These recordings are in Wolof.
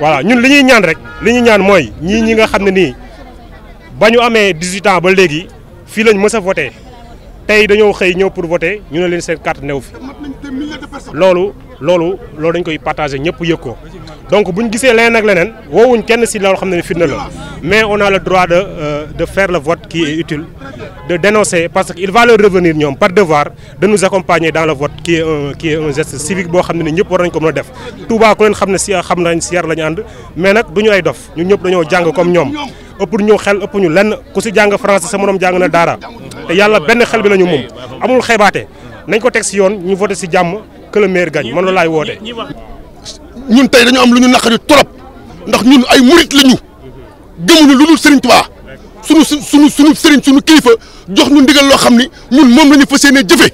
waaw ñun li ñuy ñaan rek li ñuy ñaan mooy ñii ñi nga xam ne nii ba ñu amee 18 ba léegi fii lañ mës a voté tey dañoo xëy ñëw pour voter ñu ne leen seen carte new fi loolu loolu loolu dañ koy partager ñëpp yëg ko donc bu ñu gisee leneen ak leneen woowuñ kenn si loolu xam ne fitna la mais on a le droit de euh, de faire le vote qui est utile de dénoncer parce que il va leur revenir ñoom par devoir de nous accompagner dans le vote qui est un qui est un geste civique boo xam ne ñëpp war nañ ko mën a def Touba ku leen xam ne si xam nañ si yar la ñu ànd mais nag du ay dof ñun ñëpp dañoo jàng comme ñoom ëpp ñu xel ëpp ñu lenn ku si jàng français sa moroom jàng na dara yàlla benn xel bi lañu ñu moom amul xeebaate nañ ko teg si yoon ñu voté si jàmm que le maire gagne man loolu laay woote. ñun tey dañu am lu ñu naqari trop ndax ñun ay murit la ñu gëmuñu lu dul Serigne Touba sunu sunu sunu Serigne sunu kilifa jox ñu ndigal loo xam ni ñun moom la ñu fas yéenee jëfe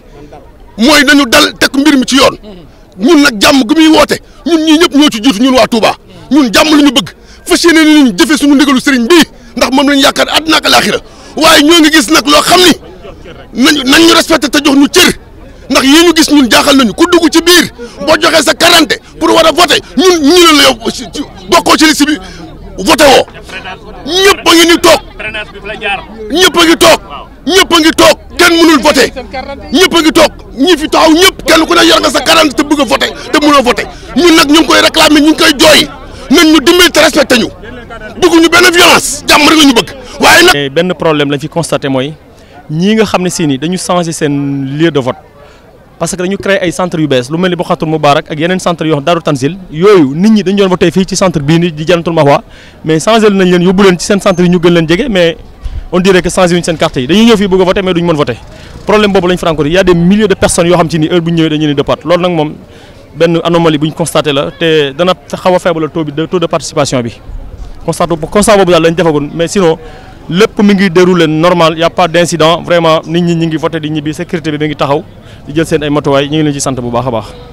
mooy dañu dal teg mbir mi ci yoon ñun nag jàmm gu muy woote ñun ñii ñëpp ñoo ci jiitu ñun waa Touba ñun jàmm la ñu bëgg fas yéenee nañu jëfe sunu ndigalu Serigne bii ndax moom lañu yaakaar àddina ak waaye ñoo ngi gis nag loo xam ni. nañu nañ ñu respecté te jox ñu cër ndax yi ñu gis ñun jaaxal nañu ku dugg ci biir bo joxé sa 40 pour wara voter ñun ñu la yow bokko ci liste bi voté woo ñëpp a ngi ni toog ñëpp a ngi toog ñëpp a ngi toog kenn mënul voté ñepp a ngi tok ñi fi taw ñepp kenn ku ne yor nga sa 40 te bëgg a voté te mënoo voté ñun nak ñu koy réclamer ñu koy joy nañ ñu dimbali te respecté ñu bëggu ñu benn violence jàmm rek ñu bëgg waaye nak benn problème lañ fi constaté moy nous avons changé lieu de vote parce que nous créé un centre yu bees lu Moubarak ak centre yoo Nous, avons voté centre de ni di mais sans centre yi ñu gën mais on dirait que sans une seule carte mais problème est lañ y a des milliers de personnes qui ont ni anomalie que nous constaté la nous, faible taux taux de participation Nous constat constat mais sinon lépp mu ngi dëruleen normal y' pas d' incident vraiment nit ñi ñu ngi voté di ñibbi sécurité bi mi ngi taxaw di jël seen ay matuwaay ñu ngi leen ci sant bu baax a baax.